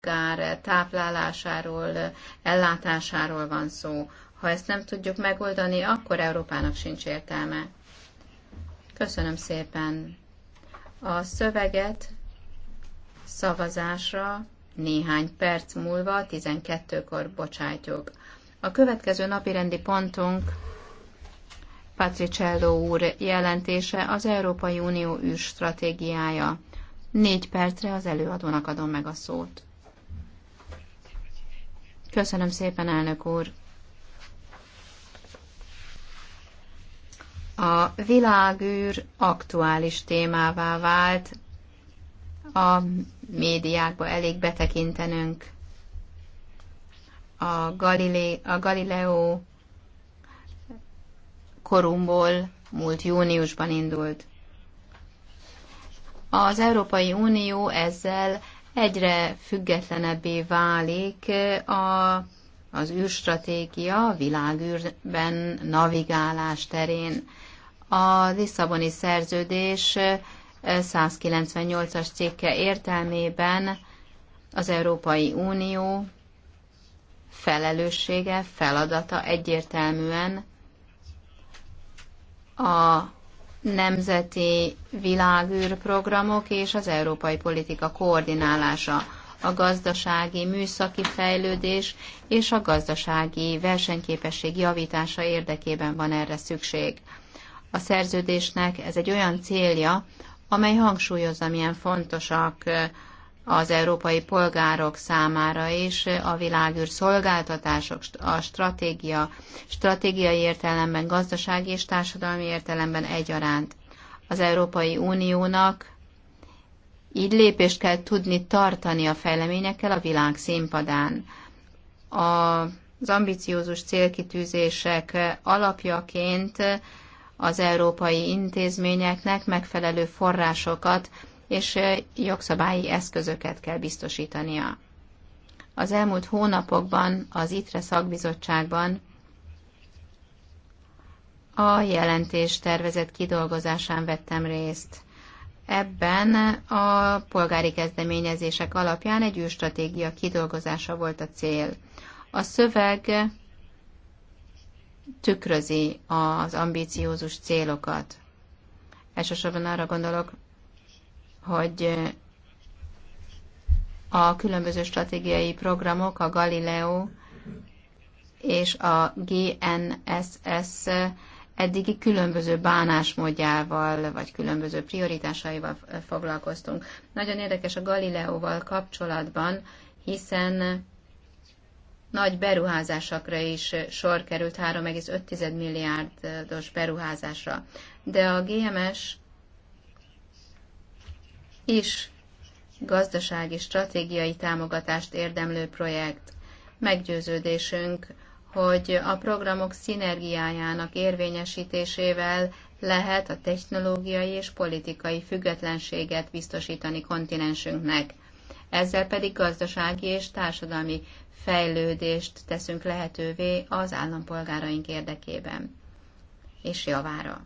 polgár táplálásáról, ellátásáról van szó. Ha ezt nem tudjuk megoldani, akkor Európának sincs értelme. Köszönöm szépen. A szöveget szavazásra néhány perc múlva, 12-kor bocsátjuk. A következő napi rendi pontunk Patricello úr jelentése az Európai Unió űrstratégiája. Négy percre az előadónak adom meg a szót. Köszönöm szépen, elnök úr. A világűr aktuális témává vált, a médiákba elég betekintenünk. A, Galilé, a Galileo korumból múlt júniusban indult. Az Európai Unió ezzel egyre függetlenebbé válik a, az űrstratégia a világűrben navigálás terén. A Lisszaboni szerződés 198-as cikke értelmében az Európai Unió felelőssége, feladata egyértelműen a nemzeti világűrprogramok és az európai politika koordinálása, a gazdasági műszaki fejlődés és a gazdasági versenyképesség javítása érdekében van erre szükség. A szerződésnek ez egy olyan célja, amely hangsúlyozza, milyen fontosak az európai polgárok számára is a világűr szolgáltatások, a stratégia, stratégiai értelemben, gazdasági és társadalmi értelemben egyaránt. Az Európai Uniónak így lépést kell tudni tartani a fejleményekkel a világ színpadán. A, az ambiciózus célkitűzések alapjaként az európai intézményeknek megfelelő forrásokat és jogszabályi eszközöket kell biztosítania. Az elmúlt hónapokban az ITRE szakbizottságban a jelentés tervezett kidolgozásán vettem részt. Ebben a polgári kezdeményezések alapján egy űrstratégia kidolgozása volt a cél. A szöveg tükrözi az ambíciózus célokat. Elsősorban arra gondolok, hogy eh, a különböző stratégiai programok, a Galileo és a GNSS eddigi különböző bánásmódjával, vagy különböző prioritásaival eh, foglalkoztunk. Nagyon érdekes a Galileóval kapcsolatban, hiszen nagy beruházásakra is eh, sor került, 3,5 milliárdos beruházásra. De a GMS is gazdasági stratégiai támogatást érdemlő projekt. Meggyőződésünk, hogy a programok szinergiájának érvényesítésével lehet a technológiai és politikai függetlenséget biztosítani kontinensünknek. Ezzel pedig gazdasági és társadalmi fejlődést teszünk lehetővé az állampolgáraink érdekében és javára.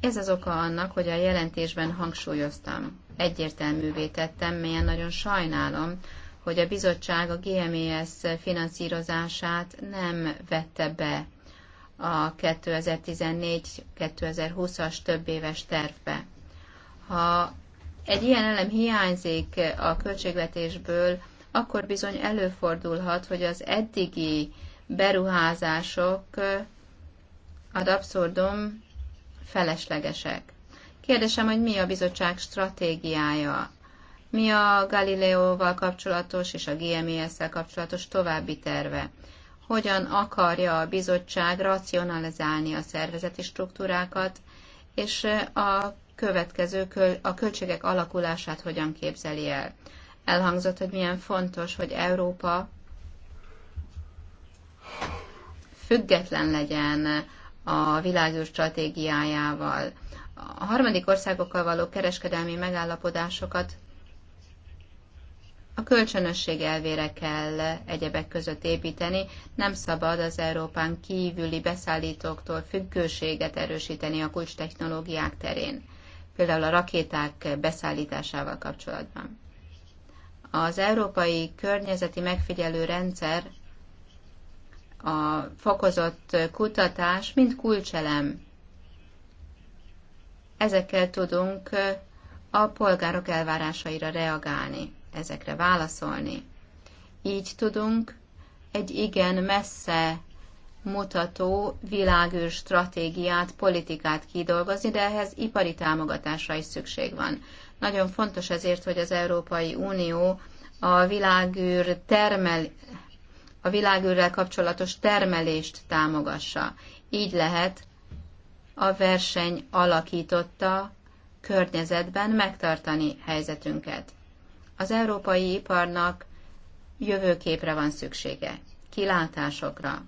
Ez az oka annak, hogy a jelentésben hangsúlyoztam egyértelművé tettem, melyen nagyon sajnálom, hogy a bizottság a GMES finanszírozását nem vette be a 2014-2020-as több éves tervbe. Ha egy ilyen elem hiányzik a költségvetésből, akkor bizony előfordulhat, hogy az eddigi beruházások ad abszurdum feleslegesek. Kérdésem, hogy mi a bizottság stratégiája, mi a Galileóval kapcsolatos és a GMES-szel kapcsolatos további terve, hogyan akarja a bizottság racionalizálni a szervezeti struktúrákat, és a következő köl a költségek alakulását hogyan képzeli el. Elhangzott, hogy milyen fontos, hogy Európa független legyen a világos stratégiájával a harmadik országokkal való kereskedelmi megállapodásokat a kölcsönösség elvére kell egyebek között építeni, nem szabad az Európán kívüli beszállítóktól függőséget erősíteni a kulcs technológiák terén, például a rakéták beszállításával kapcsolatban. Az Európai Környezeti Megfigyelő Rendszer a fokozott kutatás mind kulcselem ezekkel tudunk a polgárok elvárásaira reagálni, ezekre válaszolni. Így tudunk egy igen messze mutató világűr stratégiát, politikát kidolgozni, de ehhez ipari támogatásra is szükség van. Nagyon fontos ezért, hogy az Európai Unió a világűr termel, a világűrrel kapcsolatos termelést támogassa. Így lehet a verseny alakította környezetben megtartani helyzetünket. Az európai iparnak jövőképre van szüksége, kilátásokra.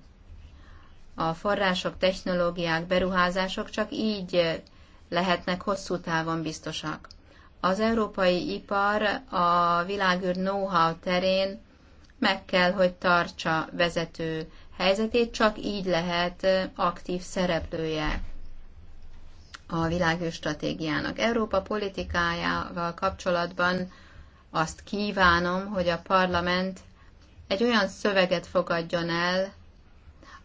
A források, technológiák, beruházások csak így lehetnek hosszú távon biztosak. Az európai ipar a világűr know-how terén meg kell, hogy tartsa vezető helyzetét, csak így lehet aktív szereplője a világűr stratégiának. Európa politikájával kapcsolatban azt kívánom, hogy a parlament egy olyan szöveget fogadjon el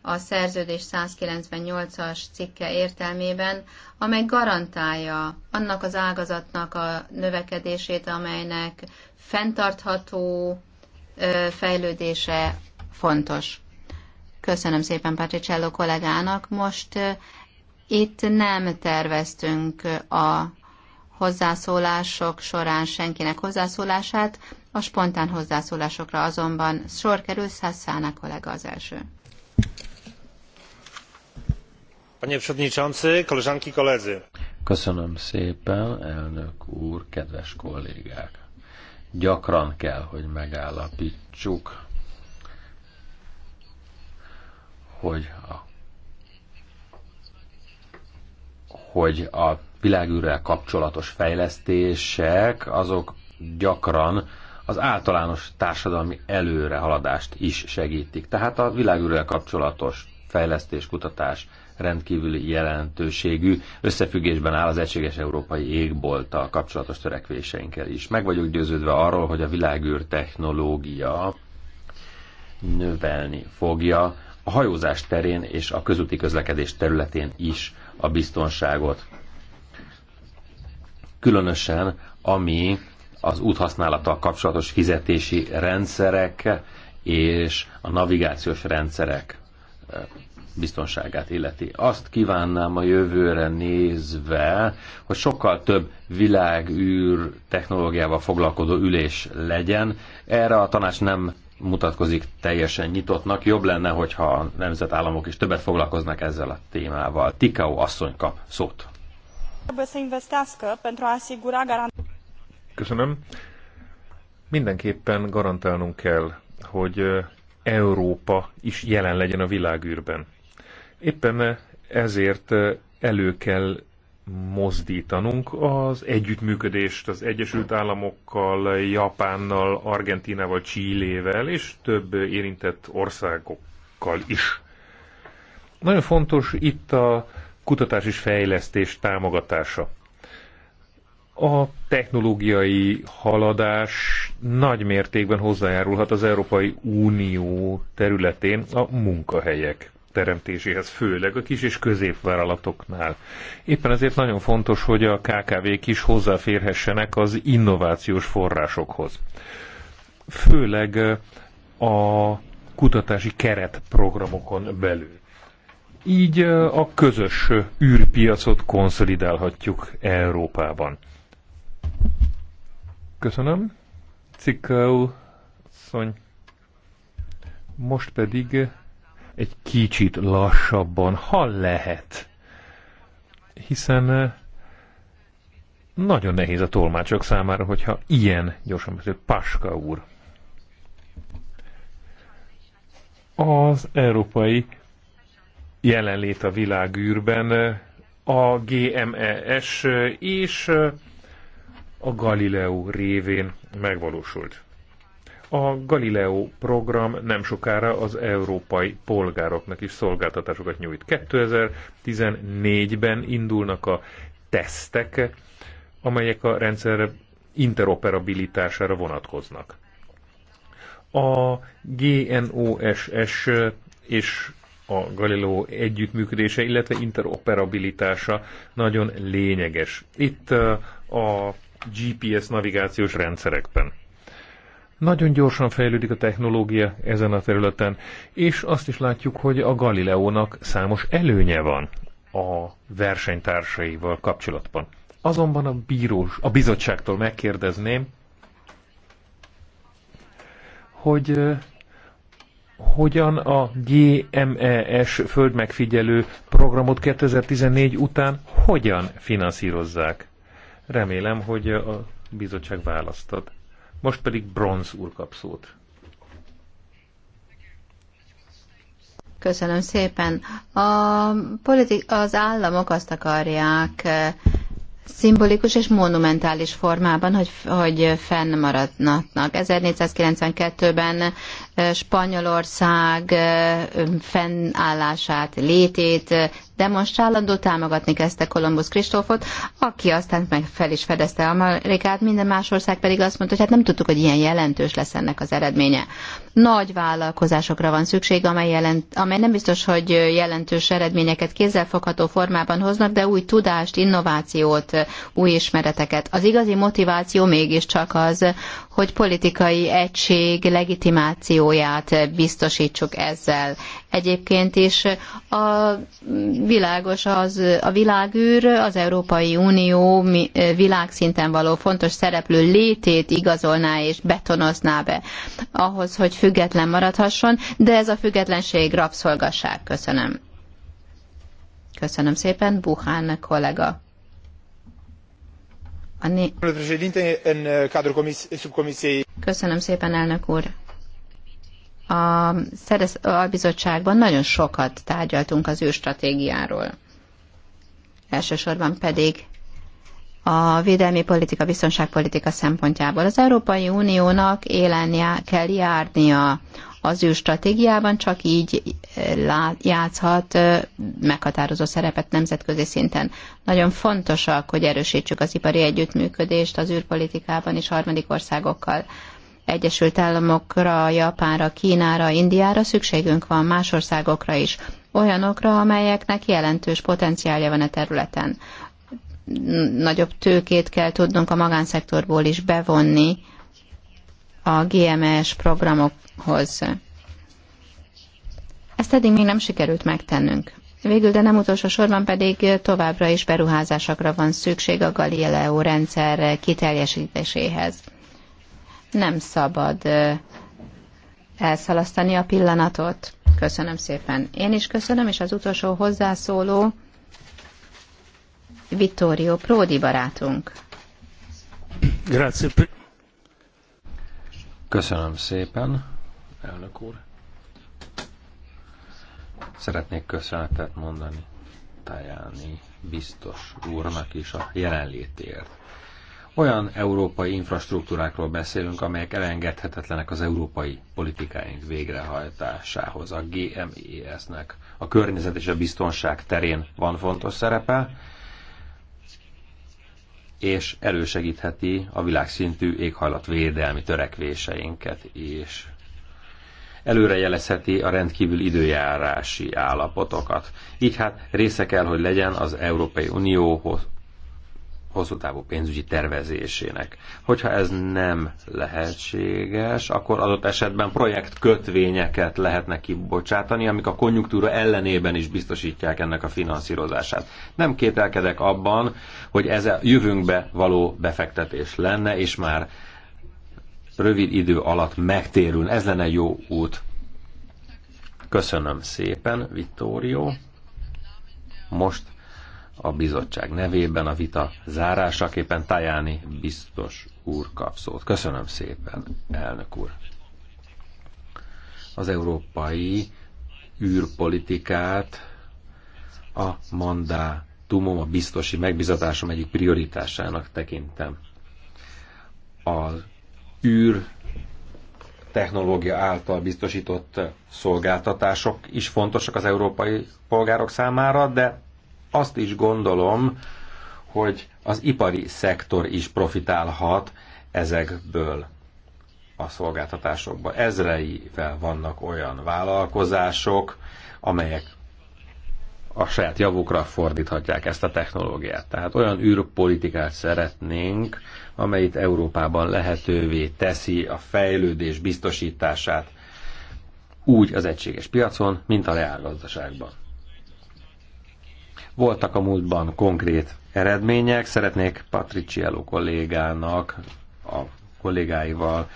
a szerződés 198-as cikke értelmében, amely garantálja annak az ágazatnak a növekedését, amelynek fenntartható fejlődése fontos. Köszönöm szépen Patricello kollégának. Most itt nem terveztünk a hozzászólások során senkinek hozzászólását, a spontán hozzászólásokra azonban sor kerül Szasszána kollega az első. Panie Przewodniczący, koleżanki, koledzy. Köszönöm szépen, elnök úr, kedves kollégák. Gyakran kell, hogy megállapítsuk, hogy a hogy a világűrrel kapcsolatos fejlesztések azok gyakran az általános társadalmi előrehaladást is segítik. Tehát a világűrrel kapcsolatos fejlesztés, kutatás rendkívüli jelentőségű összefüggésben áll az egységes európai a kapcsolatos törekvéseinkkel is. Meg vagyok győződve arról, hogy a világűr technológia növelni fogja a hajózás terén és a közúti közlekedés területén is a biztonságot. Különösen, ami az úthasználattal kapcsolatos fizetési rendszerek és a navigációs rendszerek biztonságát illeti. Azt kívánnám a jövőre nézve, hogy sokkal több világűr technológiával foglalkozó ülés legyen. Erre a tanács nem mutatkozik teljesen nyitottnak. Jobb lenne, hogyha a nemzetállamok is többet foglalkoznak ezzel a témával. Tikau asszony kap szót. Köszönöm. Mindenképpen garantálnunk kell, hogy Európa is jelen legyen a világűrben. Éppen ezért elő kell mozdítanunk az együttműködést az Egyesült Államokkal, Japánnal, Argentinával, Csillével és több érintett országokkal is. Nagyon fontos itt a kutatás és fejlesztés támogatása. A technológiai haladás nagy mértékben hozzájárulhat az Európai Unió területén a munkahelyek teremtéséhez, főleg a kis és középvállalatoknál. Éppen ezért nagyon fontos, hogy a KKV-k is hozzáférhessenek az innovációs forrásokhoz. Főleg a kutatási keretprogramokon belül. Így a közös űrpiacot konszolidálhatjuk Európában. Köszönöm. Cikkel, szony. Most pedig egy kicsit lassabban, ha lehet. Hiszen eh, nagyon nehéz a tolmácsok számára, hogyha ilyen gyorsan beszél Paska úr. Az európai jelenlét a világűrben eh, a GMES eh, és a Galileo révén megvalósult. A Galileo program nem sokára az európai polgároknak is szolgáltatásokat nyújt. 2014-ben indulnak a tesztek, amelyek a rendszer interoperabilitására vonatkoznak. A GNOSS és a Galileo együttműködése, illetve interoperabilitása nagyon lényeges. Itt uh, a GPS navigációs rendszerekben. Nagyon gyorsan fejlődik a technológia ezen a területen, és azt is látjuk, hogy a Galileónak számos előnye van a versenytársaival kapcsolatban. Azonban a, bírós, a bizottságtól megkérdezném, hogy hogyan a GMES földmegfigyelő programot 2014 után hogyan finanszírozzák. Remélem, hogy a bizottság választad. Most pedig Bronz úr kap szót. Köszönöm szépen. A politik, az államok azt akarják eh, szimbolikus és monumentális formában, hogy, hogy fennmaradnak. 1492-ben eh, Spanyolország eh, fennállását, létét demonstrálandó, támogatni kezdte Kolumbusz Kristófot, aki aztán meg fel is fedezte Amerikát, minden más ország pedig azt mondta, hogy hát nem tudtuk, hogy ilyen jelentős lesz ennek az eredménye. Nagy vállalkozásokra van szükség, amely, jelent, amely nem biztos, hogy jelentős eredményeket kézzelfogható formában hoznak, de új tudást, innovációt, új ismereteket. Az igazi motiváció mégiscsak az, hogy politikai egység legitimációját biztosítsuk ezzel egyébként is. A világos az, a világűr az Európai Unió világszinten való fontos szereplő létét igazolná és betonozná be ahhoz, hogy független maradhasson, de ez a függetlenség rabszolgaság. Köszönöm. Köszönöm szépen, Buhán kollega. Köszönöm szépen, elnök úr a a Albizottságban nagyon sokat tárgyaltunk az stratégiáról. Elsősorban pedig a védelmi politika, biztonságpolitika szempontjából. Az Európai Uniónak élen kell járnia az ő stratégiában, csak így eh, játszhat eh, meghatározó szerepet nemzetközi szinten. Nagyon fontosak, hogy erősítsük az ipari együttműködést az űrpolitikában és harmadik országokkal. Egyesült Államokra, Japánra, Kínára, Indiára, szükségünk van más országokra is, olyanokra, amelyeknek jelentős potenciálja van a területen. Nagyobb tőkét kell tudnunk a magánszektorból is bevonni a GMS programokhoz. Ezt eddig még nem sikerült megtennünk. Végül, de nem utolsó sorban pedig továbbra is beruházásokra van szükség a Galileo rendszer kiteljesítéséhez nem szabad elszalasztani a pillanatot. Köszönöm szépen. Én is köszönöm, és az utolsó hozzászóló Vittorio Pródi barátunk. Grazie. Köszönöm szépen, elnök úr. Szeretnék köszönetet mondani Tajáni biztos úrnak is a jelenlétért. Olyan európai infrastruktúrákról beszélünk, amelyek elengedhetetlenek az európai politikáink végrehajtásához. A GMES-nek a környezet és a biztonság terén van fontos szerepe, és elősegítheti a világszintű éghajlatvédelmi törekvéseinket is. Előrejelezheti a rendkívül időjárási állapotokat. Így hát része kell, hogy legyen az Európai Unióhoz hosszú távú pénzügyi tervezésének. Hogyha ez nem lehetséges, akkor adott esetben projektkötvényeket lehetne kibocsátani, amik a konjunktúra ellenében is biztosítják ennek a finanszírozását. Nem kételkedek abban, hogy ez a jövőnkbe való befektetés lenne, és már rövid idő alatt megtérül. Ez lenne jó út. Köszönöm szépen, Vittorio. Most a bizottság nevében a vita zárásaképpen Tajáni biztos úr kap szót. Köszönöm szépen, elnök úr. Az európai űrpolitikát a mandátumom, a biztosi megbizatásom egyik prioritásának tekintem. Az űr technológia által biztosított szolgáltatások is fontosak az európai polgárok számára, de azt is gondolom, hogy az ipari szektor is profitálhat ezekből a szolgáltatásokból. Ezreivel vannak olyan vállalkozások, amelyek a saját javukra fordíthatják ezt a technológiát. Tehát olyan űrpolitikát szeretnénk, amelyet Európában lehetővé teszi a fejlődés biztosítását úgy az egységes piacon, mint a reálgazdaságban. Voltak a múltban konkrét eredmények, szeretnék Patriciello kollégának, a kollégáival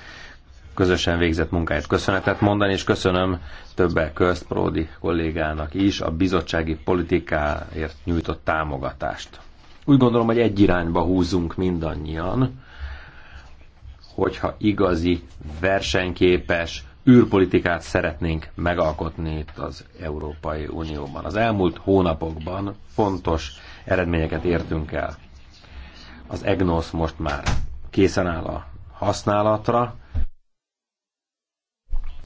közösen végzett munkáját köszönetet mondani, és köszönöm többek közt Pródi kollégának is a bizottsági politikáért nyújtott támogatást. Úgy gondolom, hogy egy irányba húzunk mindannyian, hogyha igazi, versenyképes, űrpolitikát szeretnénk megalkotni itt az Európai Unióban. Az elmúlt hónapokban fontos eredményeket értünk el. Az EGNOS most már készen áll a használatra,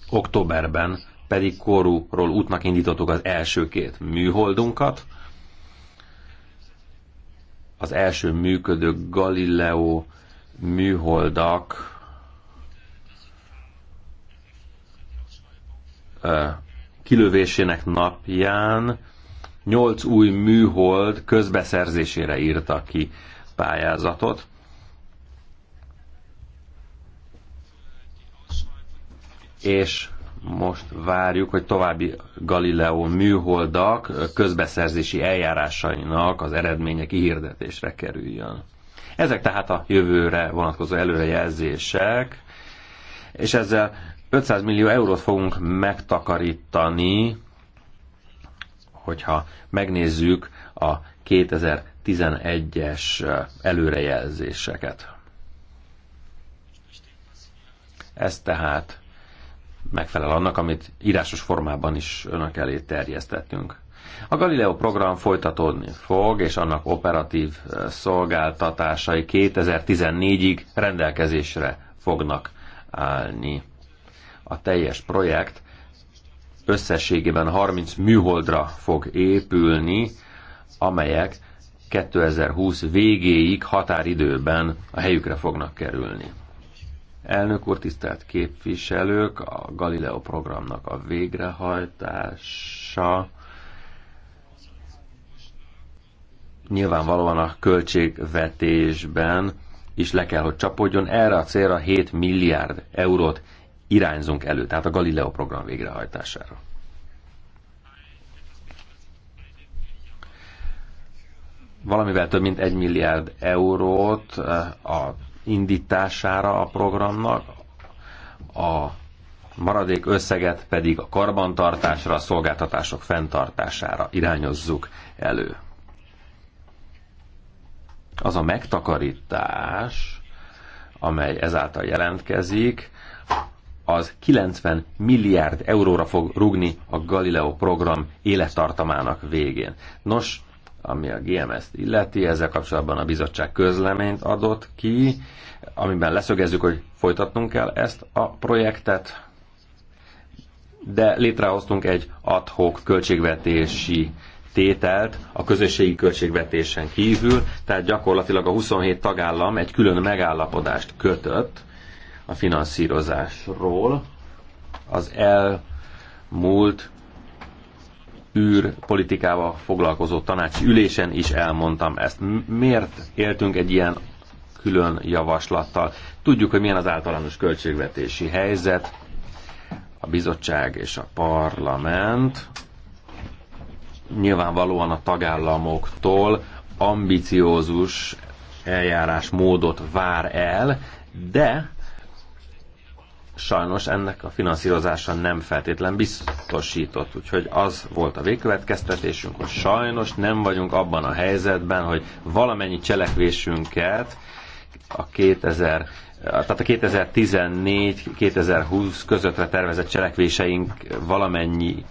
októberben pedig korúról útnak indítottuk az első két műholdunkat, az első működő Galileo műholdak kilövésének napján nyolc új műhold közbeszerzésére írta ki pályázatot. És most várjuk, hogy további Galileo műholdak közbeszerzési eljárásainak az eredménye kihirdetésre kerüljön. Ezek tehát a jövőre vonatkozó előrejelzések, és ezzel 500 millió eurót fogunk megtakarítani, hogyha megnézzük a 2011-es előrejelzéseket. Ez tehát megfelel annak, amit írásos formában is önök elé terjesztettünk. A Galileo program folytatódni fog, és annak operatív szolgáltatásai 2014-ig rendelkezésre fognak állni. A teljes projekt összességében 30 műholdra fog épülni, amelyek 2020 végéig határidőben a helyükre fognak kerülni. Elnök úr, tisztelt képviselők, a Galileo programnak a végrehajtása nyilvánvalóan a költségvetésben is le kell, hogy csapódjon. Erre a célra 7 milliárd eurót irányzunk elő, tehát a Galileo program végrehajtására. Valamivel több mint egy milliárd eurót eh, a indítására a programnak, a maradék összeget pedig a karbantartásra, a szolgáltatások fenntartására irányozzuk elő. Az a megtakarítás, amely ezáltal jelentkezik, az 90 milliárd euróra fog rugni a Galileo program élettartamának végén. Nos, ami a GMS-t illeti, ezzel kapcsolatban a bizottság közleményt adott ki, amiben leszögezzük, hogy folytatnunk kell ezt a projektet, de létrehoztunk egy adhok költségvetési tételt a közösségi költségvetésen kívül, tehát gyakorlatilag a 27 tagállam egy külön megállapodást kötött, a finanszírozásról. Az elmúlt politikával foglalkozó tanácsi ülésen is elmondtam ezt. Miért éltünk egy ilyen külön javaslattal? Tudjuk, hogy milyen az általános költségvetési helyzet. A bizottság és a parlament nyilvánvalóan a tagállamoktól ambiciózus eljárásmódot vár el, de sajnos ennek a finanszírozása nem feltétlen biztosított. Úgyhogy az volt a végkövetkeztetésünk, hogy sajnos nem vagyunk abban a helyzetben, hogy valamennyi cselekvésünket a 2000 tehát a 2014-2020 közöttre tervezett cselekvéseink valamennyi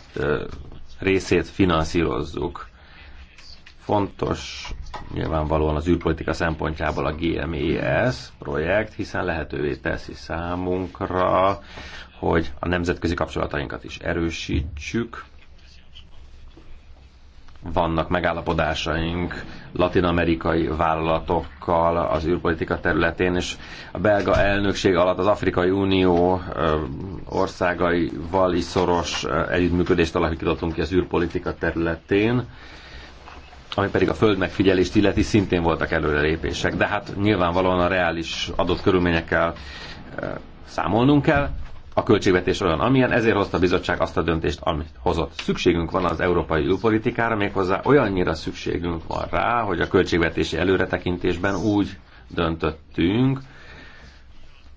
részét finanszírozzuk. Fontos nyilvánvalóan az űrpolitika szempontjából a GMES projekt, hiszen lehetővé teszi számunkra, hogy a nemzetközi kapcsolatainkat is erősítsük, vannak megállapodásaink latinamerikai vállalatokkal az űrpolitika területén, és a belga elnökség alatt az Afrikai Unió országaival is szoros együttműködést alakítottunk ki az űrpolitika területén ami pedig a föld megfigyelést illeti, szintén voltak előrelépések. De hát nyilvánvalóan a reális adott körülményekkel számolnunk kell, a költségvetés olyan, amilyen, ezért hozta a bizottság azt a döntést, amit hozott. Szükségünk van az európai külpolitikára, méghozzá olyannyira szükségünk van rá, hogy a költségvetési előretekintésben úgy döntöttünk,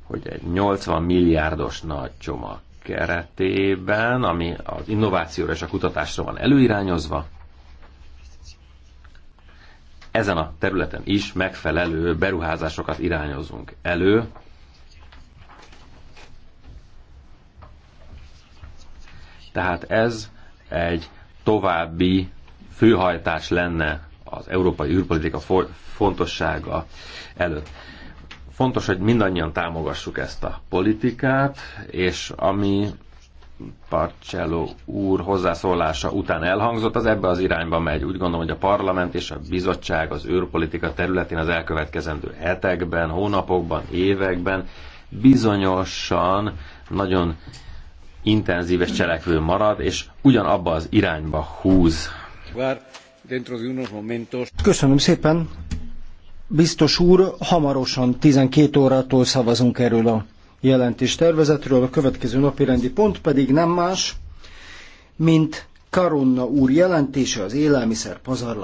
hogy egy 80 milliárdos nagy csomag keretében, ami az innovációra és a kutatásra van előirányozva, ezen a területen is megfelelő beruházásokat irányozunk elő. Tehát ez egy további főhajtás lenne az európai űrpolitika fontossága előtt. Fontos, hogy mindannyian támogassuk ezt a politikát, és ami Parcello úr hozzászólása után elhangzott, az ebbe az irányba megy. Úgy gondolom, hogy a parlament és a bizottság az űrpolitika területén az elkövetkezendő hetekben, hónapokban, években bizonyosan nagyon intenzíves cselekvő marad, és ugyanabba az irányba húz. Köszönöm szépen. Biztos úr, hamarosan 12 órától szavazunk erről a jelentés tervezetről, a következő napirendi pont pedig nem más, mint Karonna úr jelentése az élelmiszer pazarlás